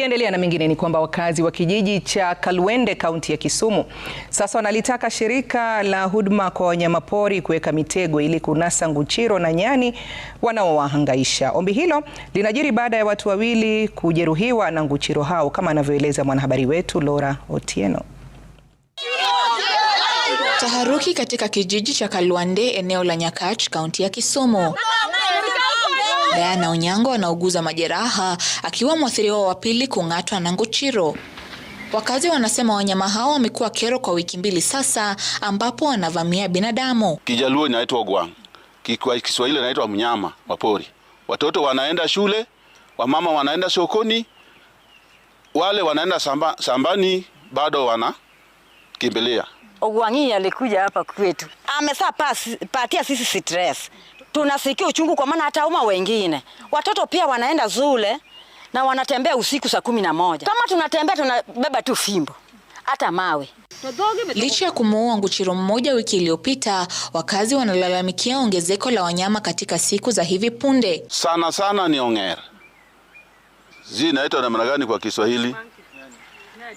Tukiendelea na mengine ni kwamba wakazi wa kijiji cha Kalwende kaunti ya Kisumu sasa wanalitaka shirika la huduma kwa wanyamapori kuweka mitego ili kunasa nguchiro na nyani wanaowahangaisha. Ombi hilo linajiri baada ya watu wawili kujeruhiwa na nguchiro hao, kama anavyoeleza mwanahabari wetu Laura Otieno. Taharuki katika kijiji cha Kalwande eneo la Nyakach kaunti ya Kisumu na Onyango wanauguza majeraha akiwa mwathiriwa wa pili kung'atwa na nguchiro. Wakazi wanasema wanyama hao wamekuwa kero kwa wiki mbili sasa, ambapo wanavamia binadamu. Kijaluo inaitwa gwang, Kiswahili inaitwa mnyama wa pori. Watoto wanaenda shule, wamama wanaenda sokoni, wale wanaenda samba, sambani bado wanakimbilia Ogwangi alikuja hapa kwetu, amesaa patia sisi stress, tunasikia uchungu, kwa maana hata uma wengine watoto pia wanaenda zule na wanatembea usiku saa kumi na moja. Kama tunatembea tunabeba tu fimbo hata mawe. Licha ya kumuua nguchiro mmoja wiki iliyopita, wakazi wanalalamikia ongezeko la wanyama katika siku za hivi punde. Sana sana ni ongera, zi naitwa namna gani kwa Kiswahili?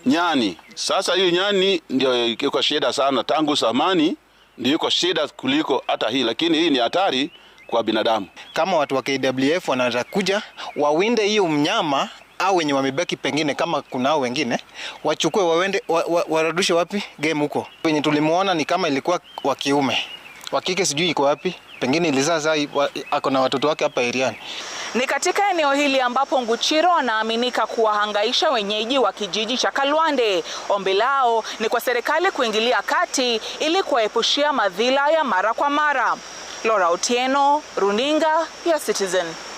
Nyani. Sasa hiyo nyani ndio iko shida sana, tangu zamani ndio iko shida kuliko hata hii, lakini hii ni hatari kwa binadamu. Kama watu wa KWF wanaweza kuja wawinde hiyo mnyama au wenye wamebaki, pengine kama kunao wengine wachukue wawende wa, wa, wapi game huko. Wenye tulimuona ni kama ilikuwa wa kiume, wa kike sijui iko wapi, pengine ilizaa ako na watoto wake hapa Iriani. Ni katika eneo hili ambapo Nguchiro anaaminika kuwahangaisha wenyeji wa kijiji cha Kalwande. Ombi lao ni kwa serikali kuingilia kati ili kuwaepushia madhila ya mara kwa mara. Laura Otieno, Runinga ya Citizen.